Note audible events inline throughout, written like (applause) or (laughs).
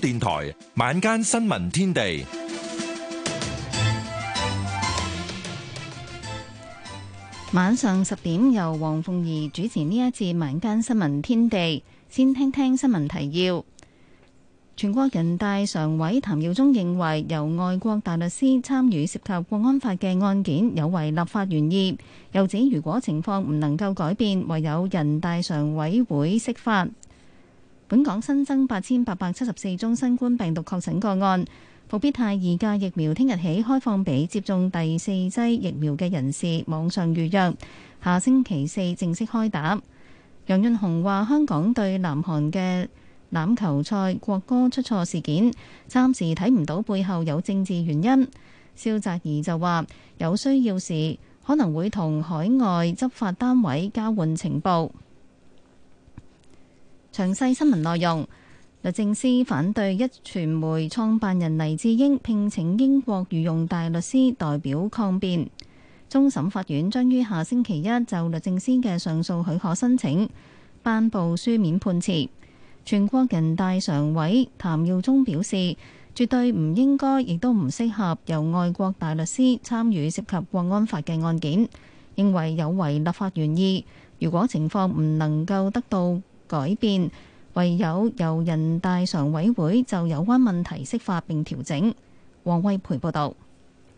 電台晚間新聞天地，晚上十點由黃鳳儀主持呢一次晚間新聞天地，先聽聽新聞提要。全國人大常委譚耀宗認為，由外國大律師參與涉及國安法嘅案件，有違立法原意。又指如果情況唔能夠改變，唯有人大常委會釋法。本港新增八千八百七十四宗新冠病毒確診個案。復必泰二價疫苗聽日起開放俾接種第四劑疫苗嘅人士網上預約，下星期四正式開打。楊潤雄話香港對南韓嘅欖球賽國歌出錯事件，暫時睇唔到背後有政治原因。蕭澤頤就話有需要時可能會同海外執法單位交換情報。詳細新聞內容，律政司反對一傳媒創辦人黎智英聘請英國御用大律師代表抗辯。終審法院將於下星期一就律政司嘅上訴許可申請，頒佈書面判詞。全國人大常委譚耀宗表示，絕對唔應該，亦都唔適合由外國大律師參與涉及國安法嘅案件，認為有違立法原意。如果情況唔能夠得到改變唯有由人大常委會就有關問題釋法並調整。黃威培報導，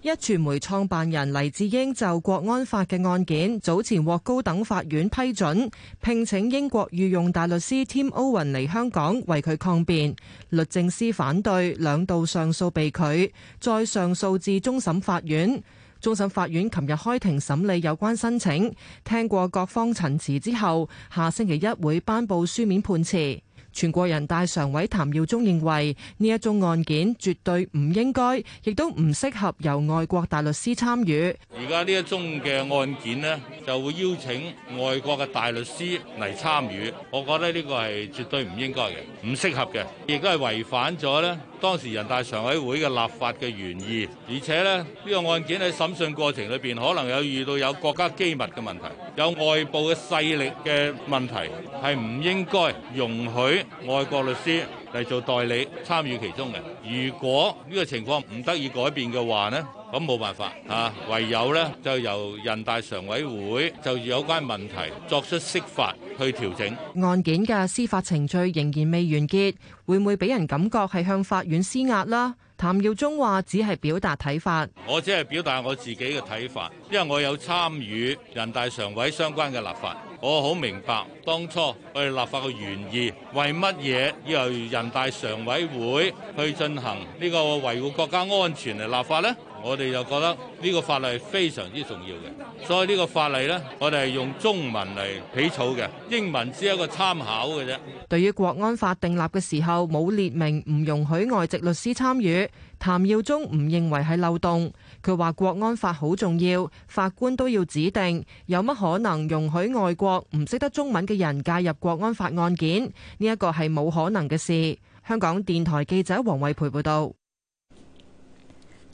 一傳媒創辦人黎智英就國安法嘅案件，早前獲高等法院批准聘請英國御用大律師 Tim Owen 嚟香港為佢抗辯，律政司反對兩度上訴被拒，再上訴至終審法院。終審法院琴日開庭審理有關申請，聽過各方陳詞之後，下星期一會頒佈書面判詞。全國人大常委譚耀宗認為，呢一宗案件絕對唔應該，亦都唔適合由外國大律師參與。而家呢一宗嘅案件呢，就會邀請外國嘅大律師嚟參與，我覺得呢個係絕對唔應該嘅，唔適合嘅，亦都係違反咗呢當時人大常委會嘅立法嘅原意，而且呢呢個案件喺審訊過程裏邊，可能有遇到有國家機密嘅問題，有外部嘅勢力嘅問題，係唔應該容許外國律師，嚟做代理參與其中嘅。如果呢個情況唔得以改變嘅話呢，咁冇辦法嚇、啊，唯有呢，就由人大常委會就有關問題作出釋法去調整。案件嘅司法程序仍然未完結，會唔會俾人感覺係向法院施壓啦？譚耀宗話：只係表達睇法，我只係表達我自己嘅睇法，因為我有參與人大常委相關嘅立法，我好明白當初我哋立法嘅原意，為乜嘢要由人大常委會去進行呢個維護國家安全嘅立法呢？我哋就覺得呢個法例非常之重要嘅，所以呢個法例呢，我哋係用中文嚟起草嘅，英文只係一個參考嘅啫。對於國安法訂立嘅時候冇列明唔容許外籍律師參與，譚耀宗唔認為係漏洞。佢話國安法好重要，法官都要指定，有乜可能容許外國唔識得中文嘅人介入國安法案件？呢、這、一個係冇可能嘅事。香港電台記者黃惠培報道。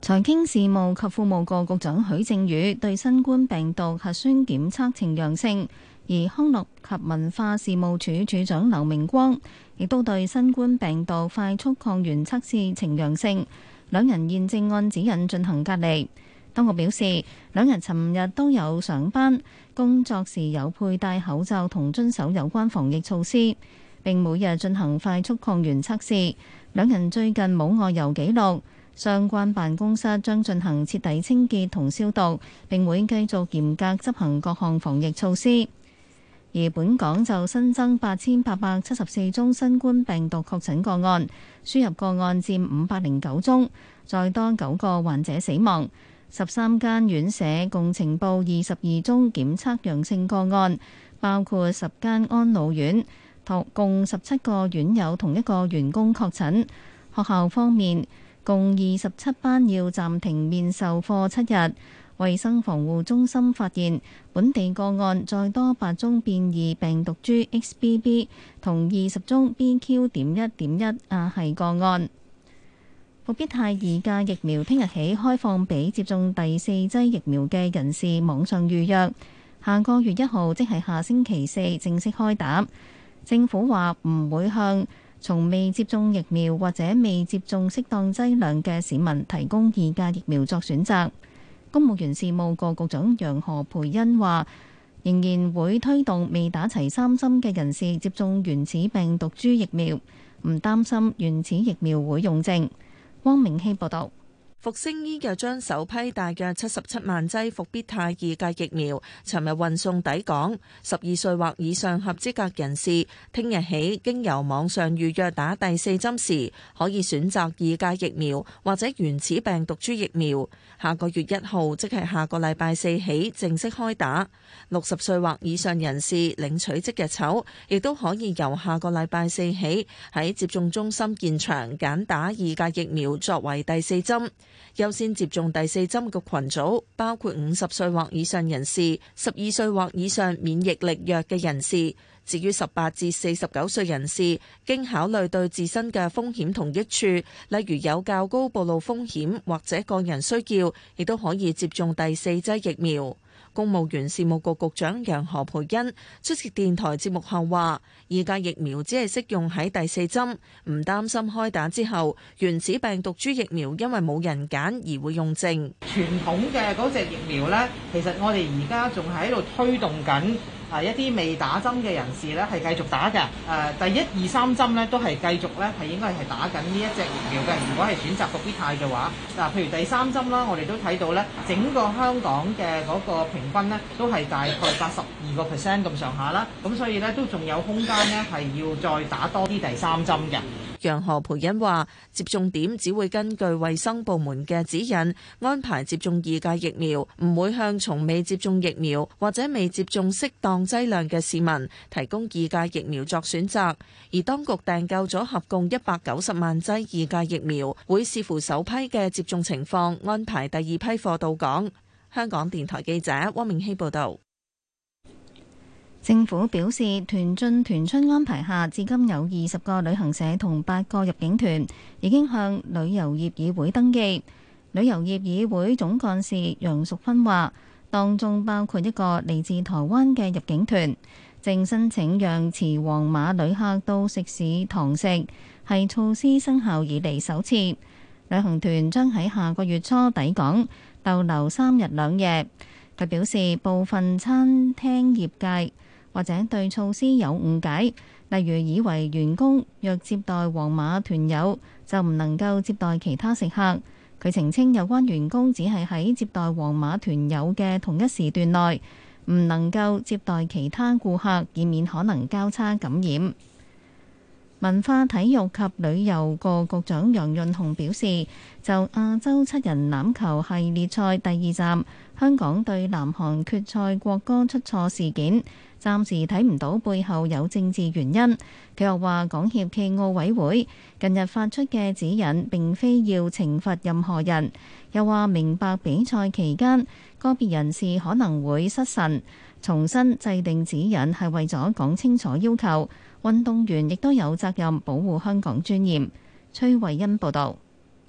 財經事務及庫務局局長許正宇對新冠病毒核酸檢測呈陽性，而康樂及文化事務署署長劉明光亦都對新冠病毒快速抗原測試呈陽性，兩人現正按指引進行隔離。當局表示，兩人尋日都有上班，工作時有佩戴口罩同遵守有關防疫措施，並每日進行快速抗原測試。兩人最近冇外遊記錄。相關辦公室將進行徹底清潔同消毒，並會繼續嚴格執行各項防疫措施。而本港就新增八千八百七十四宗新冠病毒確診個案，輸入個案佔五百零九宗，再多九個患者死亡。十三間院舍共呈報二十二宗檢測陽性個案，包括十間安老院，共十七個院友同一個員工確診。學校方面，共二十七班要暫停面授課七日。衞生防護中心發現本地個案再多八宗變異病毒株 XBB，同二十宗 BQ. 點一點一亞系個案。復必泰二價疫苗聽日起開放俾接種第四劑疫苗嘅人士網上預約，下個月一號即係下星期四正式開打。政府話唔會向從未接種疫苗或者未接種適當劑量嘅市民，提供二價疫苗作選擇。公務員事務局局長楊何培恩話，仍然會推動未打齊三針嘅人士接種原始病毒株疫苗，唔擔心原始疫苗會用淨。汪明希報道。復星醫藥將首批大約七十七萬劑復必泰二價疫苗，尋日運送抵港。十二歲或以上合資格人士，聽日起經由網上預約打第四針時，可以選擇二價疫苗或者原始病毒株疫苗。下個月一號，即係下個禮拜四起正式開打。六十歲或以上人士領取即日籌，亦都可以由下個禮拜四起喺接種中心現場揀打二價疫苗作為第四針。優先接種第四針嘅群組包括五十歲或以上人士、十二歲或以上免疫力弱嘅人士。至於十八至四十九歲人士，經考慮對自身嘅風險同益處，例如有較高暴露風險或者個人需要，亦都可以接種第四劑疫苗。公務員事務局局長楊何培恩出席電台節目後話：二價疫苗只係適用喺第四針，唔擔心開打之後，原始病毒株疫苗因為冇人揀而會用淨。傳統嘅嗰隻疫苗呢，其實我哋而家仲喺度推動緊。係一啲未打針嘅人士咧，係繼續打嘅。誒、呃，第一二三針咧都係繼續咧係應該係打緊呢一隻疫苗嘅。如果係選擇復必泰嘅話，嗱、呃，譬如第三針啦，我哋都睇到咧，整個香港嘅嗰個平均咧都係大概八十二個 percent 咁上下啦。咁所以咧都仲有空間咧係要再打多啲第三針嘅。楊何培欣話：接種點只會根據衛生部門嘅指引安排接種二價疫苗，唔會向從未接種疫苗或者未接種適當劑量嘅市民提供二價疫苗作選擇。而當局訂購咗合共一百九十萬劑二價疫苗，會視乎首批嘅接種情況安排第二批貨到港。香港電台記者汪明希報道。政府表示，團進團出安排下，至今有二十個旅行社同八個入境團已經向旅遊業議會登記，旅遊業議會總幹事楊淑芬話當中包括一個嚟自台灣嘅入境團正申請讓持黃碼旅客到食肆堂食，係措施生效以嚟首次。旅行團將喺下個月初抵港逗留三日兩夜。佢表示，部分餐廳業界。或者對措施有誤解，例如以為員工若接待皇馬團友就唔能夠接待其他食客。佢澄清，有關員工只係喺接待皇馬團友嘅同一時段內，唔能夠接待其他顧客，以免可能交叉感染。文化、體育及旅遊局局長楊潤雄表示，就亞洲七人欖球系列賽第二站香港對南韓決賽國歌出錯事件。暫時睇唔到背後有政治原因。佢又話：港協暨奧委會近日發出嘅指引並非要懲罰任何人。又話明白比賽期間個別人士可能會失神，重新制定指引係為咗講清楚要求。運動員亦都有責任保護香港尊嚴。崔惠恩報道。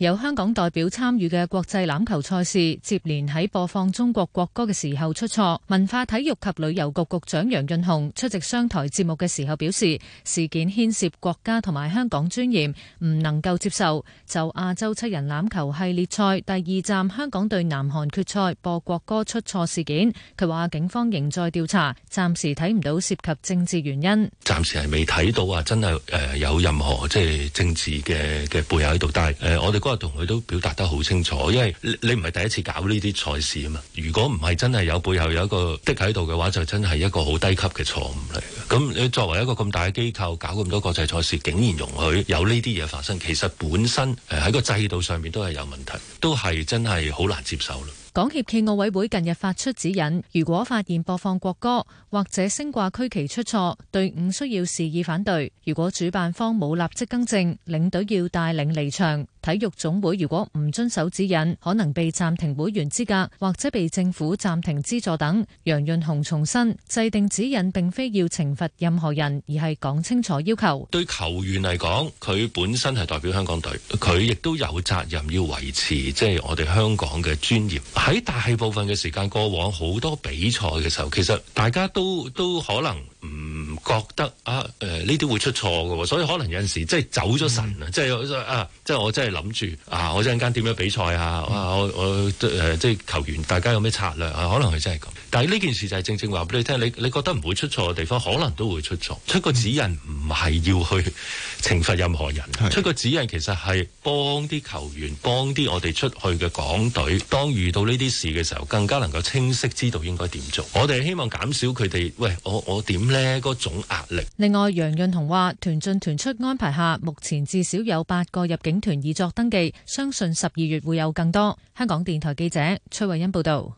有香港代表參與嘅國際欖球賽事，接連喺播放中國國歌嘅時候出錯。文化體育及旅遊局局長楊潤雄出席商台節目嘅時候表示，事件牽涉國家同埋香港尊嚴，唔能夠接受。就亞洲七人欖球系列賽第二站香港對南韓決賽播國歌出錯事件，佢話警方仍在調查，暫時睇唔到涉及政治原因。暫時係未睇到啊，真係誒有任何即係政治嘅嘅背後喺度，但係誒我哋國。同佢都表達得好清楚，因為你唔係第一次搞呢啲賽事啊嘛。如果唔係真係有背後有一個的喺度嘅話，就真係一個好低級嘅錯誤嚟。咁你作為一個咁大嘅機構搞咁多國際賽事，竟然容許有呢啲嘢發生，其實本身誒喺個制度上面都係有問題，都係真係好難接受啦。港協暨奧委會近日發出指引，如果發現播放國歌或者升掛區旗出錯，隊伍需要示意反對。如果主辦方冇立即更正，領隊要帶領離場。體育總會如果唔遵守指引，可能被暫停會員資格，或者被政府暫停資助等。楊潤雄重申，制定指引並非要懲罰任何人，而係講清楚要求。對球員嚟講，佢本身係代表香港隊，佢亦都有責任要維持即係、就是、我哋香港嘅專業。喺大部分嘅時間，過往好多比賽嘅時候，其實大家都都可能。唔覺得啊？誒呢啲會出錯嘅，所以可能有陣時即係走咗神、嗯、啊！即係啊！即係我真係諗住啊！我陣間點樣比賽啊、嗯、啊？我我誒、呃、即係球員大家有咩策略啊？可能係真係咁。但係呢件事就係正正話俾你聽，你你覺得唔會出錯嘅地方，可能都會出錯，出個指引唔係要去懲罰任何人，嗯、出個指引其實係幫啲球員幫啲我哋出去嘅港隊當遇到呢啲事嘅時候，更加能夠清晰知道應該點做。我哋希望減少佢哋喂我我點。我我我我我我我咧個總壓力。另外，楊潤雄話：團進團出安排下，目前至少有八個入境團已作登記，相信十二月會有更多。香港電台記者崔慧欣報道。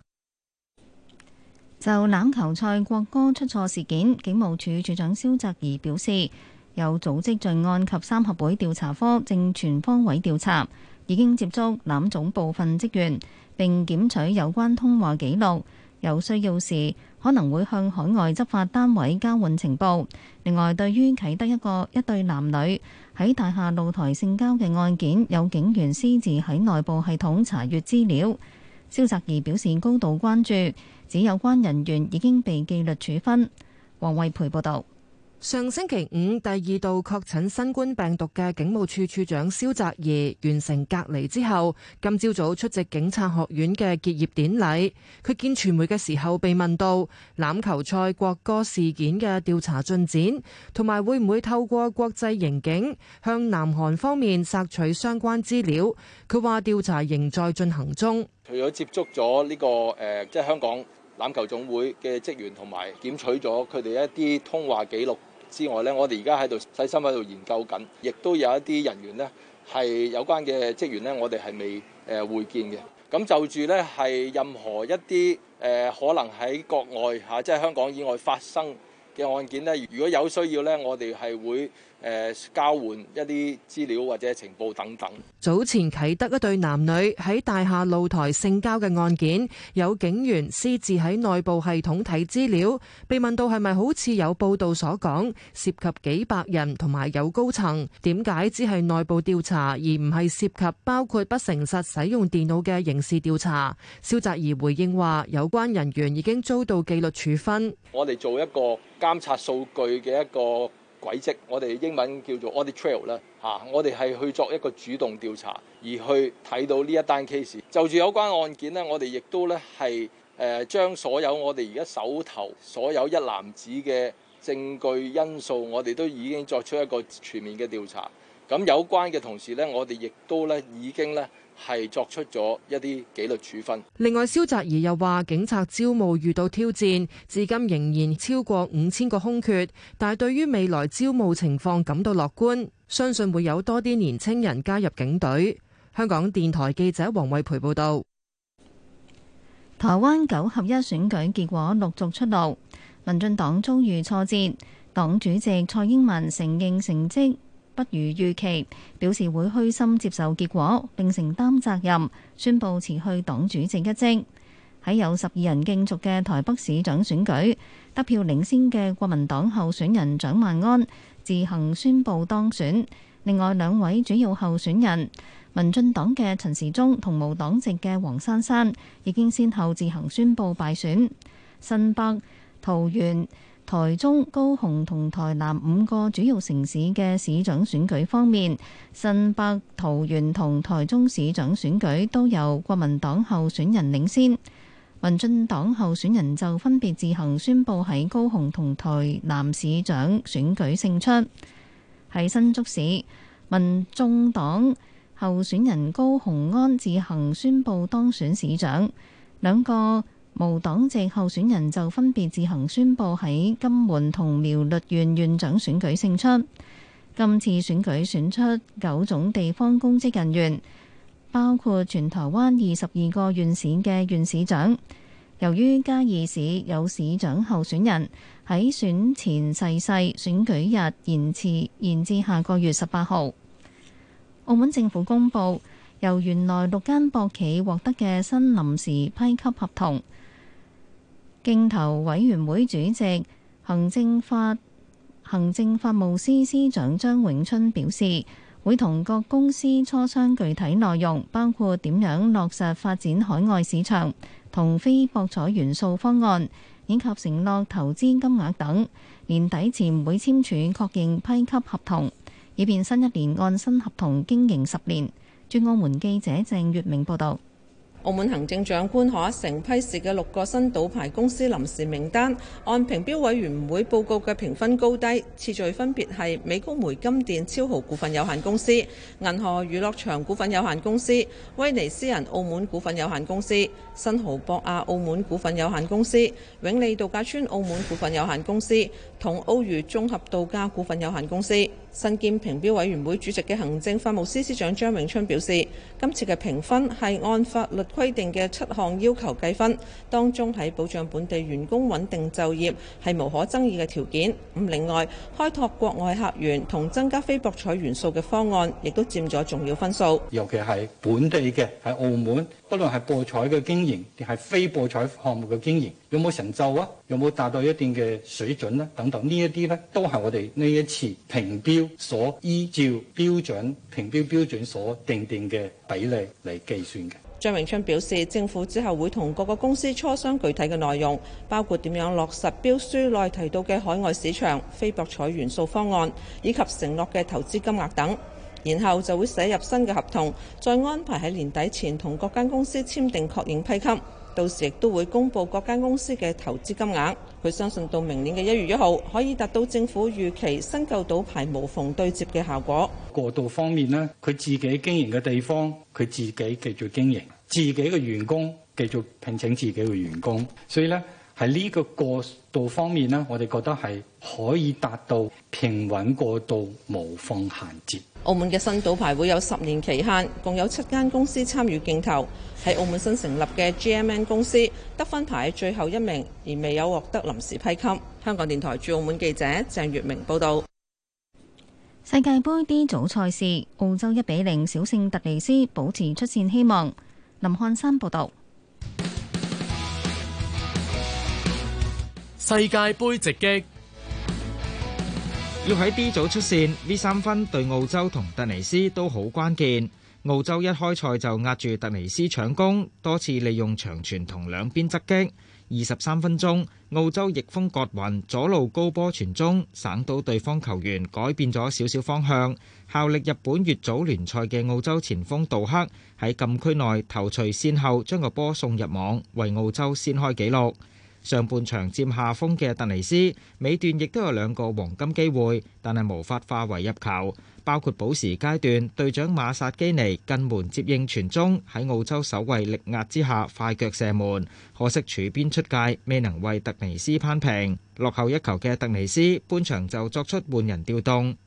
就欖球賽國歌出錯事件，警務處處長蕭澤頤表示，有組織罪案及三合會調查科正全方位調查，已經接觸欖總部分職員，並檢取有關通話記錄。有需要時，可能會向海外執法單位交換情報。另外，對於啟德一個一對男女喺大廈露台性交嘅案件，有警員私自喺內部系統查閲資料。蕭澤頤表示高度關注，指有關人員已經被紀律處分。王惠培報道。上星期五，第二度確診新冠病毒嘅警務處處長蕭澤頤完成隔離之後，今朝早出席警察學院嘅結業典禮。佢見傳媒嘅時候被問到欖球賽國歌事件嘅調查進展，同埋會唔會透過國際刑警向南韓方面索取相關資料。佢話調查仍在進行中，除咗接觸咗呢、這個誒，即、呃、係、就是、香港欖球總會嘅職員，同埋檢取咗佢哋一啲通話記錄，之外咧，我哋而家喺度細心喺度研究緊，亦都有一啲人員咧，係有關嘅職員咧，我哋係未誒、呃、會見嘅。咁就住咧係任何一啲誒、呃、可能喺國外吓，即、啊、係、就是、香港以外發生嘅案件咧，如果有需要咧，我哋係會。誒交換一啲資料或者情報等等。早前啟德一對男女喺大廈露台性交嘅案件，有警員私自喺內部系統睇資料，被問到係咪好似有報道所講涉及幾百人同埋有高層，點解只係內部調查而唔係涉及包括不誠實使用電腦嘅刑事調查？蕭澤頤回應話：有關人員已經遭到紀律處分。我哋做一個監察數據嘅一個。軌跡，我哋英文叫做 Audit Trail 啦，吓，我哋係去作一個主動調查，而去睇到呢一單 case。就住有關案件咧，我哋亦都咧係誒將所有我哋而家手頭所有一男子嘅證據因素，我哋都已經作出一個全面嘅調查。咁有關嘅同時咧，我哋亦都咧已經咧。係作出咗一啲紀律處分。另外，蕭澤頤又話：警察招募遇到挑戰，至今仍然超過五千個空缺，但係對於未來招募情況感到樂觀，相信會有多啲年青人加入警隊。香港電台記者黃慧培報道：「台灣九合一選舉結果陸續出爐，民進黨遭遇挫折，黨主席蔡英文承認成績不如預期，表示會虛心接受結果並承擔責任，宣布辭去黨主席一職。喺有十二人競逐嘅台北市長選舉，得票領先嘅國民黨候選人蔣萬安自行宣布當選，另外兩位主要候選人民進黨嘅陳時中同無黨籍嘅黃珊珊，已經先後自行宣布敗選。新北、桃園。台中、高雄同台南五個主要城市嘅市長選舉方面，新北、桃園同台中市長選舉都由國民黨候選人領先，民進黨候選人就分別自行宣布喺高雄同台南市長選舉勝出。喺新竹市，民眾黨候選人高虹安自行宣布當選市長，兩個無黨籍候選人就分別自行宣佈喺金門同苗栗縣縣長選舉勝出。今次選舉選出九種地方公職人員，包括全台灣二十二個縣市嘅縣市長。由於嘉義市有市長候選人喺選前逝世，世，選舉日延遲，延至下個月十八號。澳門政府公布由原來六間博企獲得嘅新臨時批級合同。競投委員會主席、行政法行政法務司司長張永春表示，會同各公司磋商具體內容，包括點樣落實發展海外市場、同非博彩元素方案，以及承諾投資金額等。年底前會簽署確認批給合同，以便新一年按新合同經營十年。駐澳門記者鄭月明報道。澳門行政長官賀一誠批示嘅六個新賭牌公司臨時名單，按評標委員會報告嘅評分高低，次序分別係美高梅金殿超豪股份有限公司、銀河娛樂場股份有限公司、威尼斯人澳門股份有限公司、新濠博亞澳門股份有限公司、永利度假村澳門股份有限公司、同澳娛綜合度假股份有限公司。新建評標委員會主席嘅行政法務司司長張永春表示，今次嘅評分係按法律規定嘅七項要求計分，當中喺保障本地員工穩定就業係無可爭議嘅條件。咁另外，開拓國外客源同增加非博彩元素嘅方案，亦都佔咗重要分數。尤其係本地嘅喺澳門，不論係博彩嘅經營定係非博彩項目嘅經營。有冇成就啊？有冇達到一定嘅水準咧？等等呢一啲咧，都係我哋呢一次評標所依照標準評標標準所定定嘅比例嚟計算嘅。張榮春表示，政府之後會同各個公司磋商具體嘅內容，包括點樣落實標書內提到嘅海外市場非博彩元素方案，以及承諾嘅投資金額等。然後就會寫入新嘅合同，再安排喺年底前同各間公司簽訂確認批給。到時亦都會公布各間公司嘅投資金額。佢相信到明年嘅一月一號可以達到政府預期，新舊賭牌無縫對接嘅效果。過渡方面呢，佢自己經營嘅地方佢自己繼續經營，自己嘅員工繼續聘請自己嘅員工。所以呢，喺呢個過渡方面呢，我哋覺得係可以達到平穩過渡，無縫銜接。澳門嘅新賭牌會有十年期限，共有七間公司參與競投，喺澳門新成立嘅 G M N 公司得分排最後一名，而未有獲得臨時批給。香港電台駐澳門記者鄭月明報道。世界盃 D 組賽事，澳洲一比零小勝特尼斯，保持出線希望。林漢山報道。世界盃直擊。要喺 B 組出線，呢三分對澳洲同突尼斯都好關鍵。澳洲一開賽就壓住突尼斯搶攻，多次利用長傳同兩邊側擊。二十三分鐘，澳洲逆風割雲，左路高波傳中，省到對方球員改變咗少少方向，效力日本乙組聯賽嘅澳洲前鋒杜克喺禁區內頭槌先後，將個波送入網，為澳洲先開紀錄。上半場佔下風嘅特尼斯，尾段亦都有兩個黃金機會，但係無法化為入球。包括補時階段，隊長馬薩基尼近門接應傳中，喺澳洲守衞力壓之下快腳射門，可惜處邊出界，未能為特尼斯扳平。落後一球嘅特尼斯，半場就作出換人調動。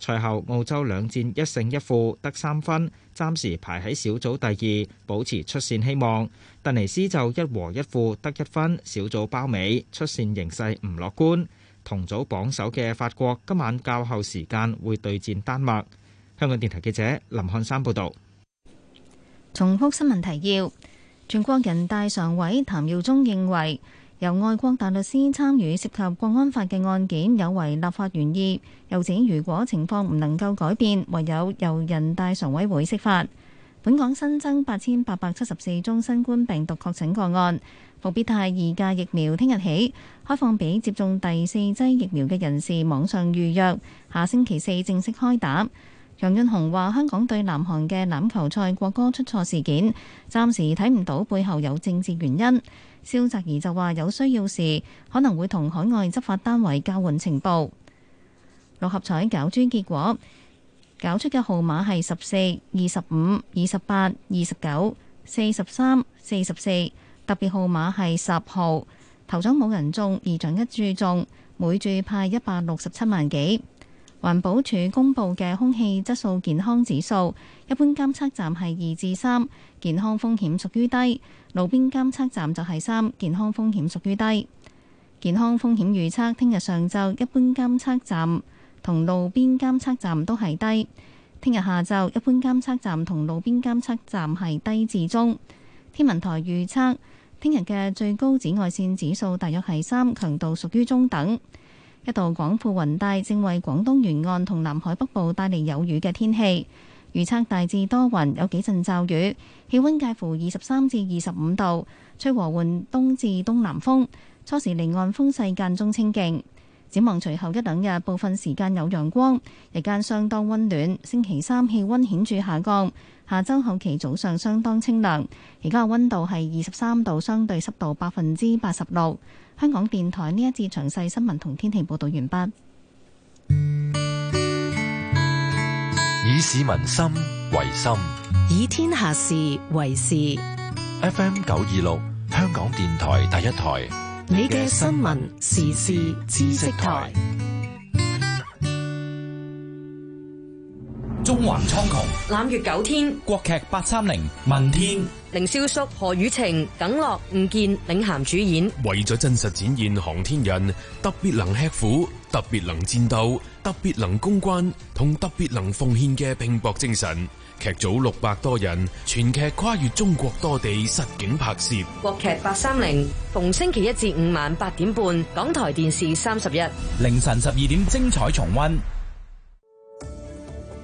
賽後澳洲兩戰一勝一負得三分，暫時排喺小組第二，保持出線希望。突尼斯就一和一負得一分，小組包尾，出線形勢唔樂觀。同組榜首嘅法國今晚較後時間會對戰丹麥。香港電台記者林漢山報道。重複新聞提要：全國人大常委譚耀宗認為。由外國大律師參與涉及國安法嘅案件有違立法原意，又指如果情況唔能夠改變，唯有由人大常委會釋法。本港新增八千八百七十四宗新冠病毒確診個案。復必泰二價疫苗聽日起開放俾接種第四劑疫苗嘅人士網上預約，下星期四正式開打。楊潤雄話：香港對南韓嘅欖球賽國歌出錯事件，暫時睇唔到背後有政治原因。蕭澤頤就話：有需要時可能會同海外執法單位交換情報。六合彩攪珠結果，攪出嘅號碼係十四、二十五、二十八、二十九、四十三、四十四。特別號碼係十號。頭獎冇人中，二獎一注中，每注派一百六十七萬幾。環保署公布嘅空氣質素健康指數，一般監測站係二至三，健康風險屬於低；路邊監測站就係三，健康風險屬於低。健康風險預測，聽日上晝一般監測站同路邊監測站都係低；聽日下晝一般監測站同路邊監測站係低至中。天文台預測，聽日嘅最高紫外線指數大約係三，強度屬於中等。一道廣闊雲帶正為廣東沿岸同南海北部帶嚟有雨嘅天氣，預測大致多雲，有幾陣驟雨，氣溫介乎二十三至二十五度，吹和緩東至東南風，初時離岸風勢間中清勁。展望隨後一兩日部分時間有陽光，日間相當溫暖。星期三氣溫顯著下降，下周後期早上相當清涼。而家嘅溫度係二十三度，相對濕度百分之八十六。香港電台呢一節詳細新聞同天氣報道完畢。以市民心為心，以天下事為事。FM 九二六，香港電台第一台，你嘅新聞時事知識台。中環蒼穹，攬月九天。國劇八三零，問天、凌瀟肅、何雨晴、耿樂、吳健領銜主演。為咗真實展現航天人特別能吃苦、特別能戰鬥、特別能攻關同特別能奉獻嘅拼搏精神，劇組六百多人，全劇跨越中國多地實景拍攝。國劇八三零，逢星期一至五晚八點半，港台電視三十一，凌晨十二點精彩重溫。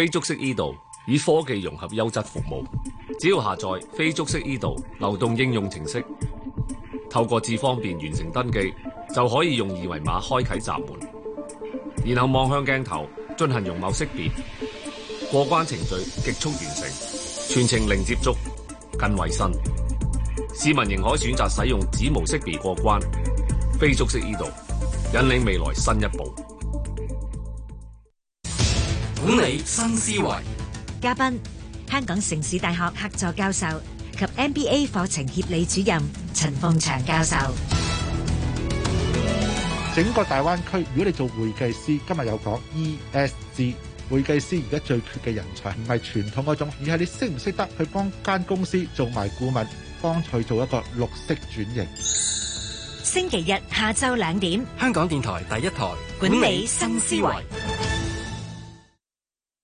非觸式 e 道以科技融合優質服務，只要下載非觸式 e 道流動應用程式，透過智方便完成登記，就可以用二維碼開啟閘門，然後望向鏡頭進行容貌識別，過關程序極速完成，全程零接觸、更衛生。市民仍可選擇使用指模識別過關。非觸式 e 道引領未來新一步。管理新思維，嘉賓：香港城市大學客座教授及 MBA 課程協理主任陳鳳祥教授。整個大灣區，如果你做會計師，今日有講 ESG，會計師而家最缺嘅人才，唔係傳統嗰種，而係你識唔識得去幫間公司做埋顧問，幫佢做一個綠色轉型。星期日下晝兩點，香港電台第一台管理，管理新思維。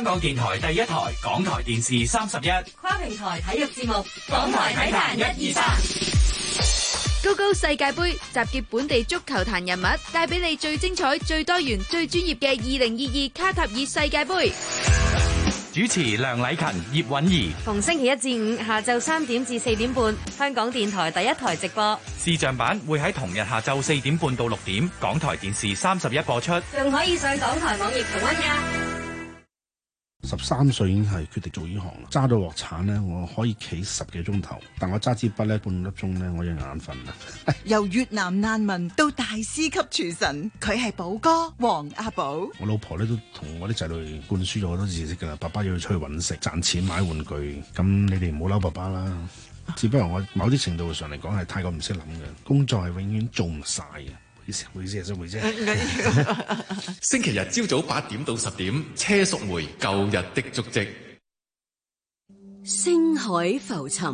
香港電台第一台，港台電視三十一，跨平台體育節目，港台體壇一二三，1, 2, 高高世界盃集結本地足球壇人物，帶俾你最精彩、最多元、最專業嘅二零二二卡塔爾世界盃。主持梁禮勤、葉韻儀，逢星期一至五下晝三點至四點半，香港電台第一台直播。視像版會喺同日下晝四點半到六點，港台電視三十一播出。仲可以上港台網頁重溫呀。十三歲已經係決定做行呢行啦，揸到鑊鏟咧，我可以企十幾個鐘頭，但我揸支筆咧，半粒鐘咧，我已就眼瞓啦。 (laughs) 由越南難民到大師級廚神，佢係寶哥黃阿寶。我老婆咧都同我啲仔女灌輸咗好多知識噶啦，爸爸要去出去揾食，賺錢買玩具，咁你哋唔好嬲爸爸啦。啊、只不過我某啲程度上嚟講係太過唔識諗嘅，工作係永遠做唔晒嘅。佘妹姐，佘妹姐。星期日朝早八點到十點，車淑梅《舊日的足迹》。星海浮沉，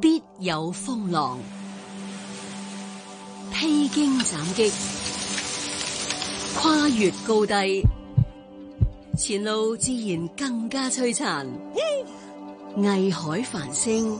必有風浪；披荊斬棘，跨越高低，前路自然更加璀璨。藝海繁星。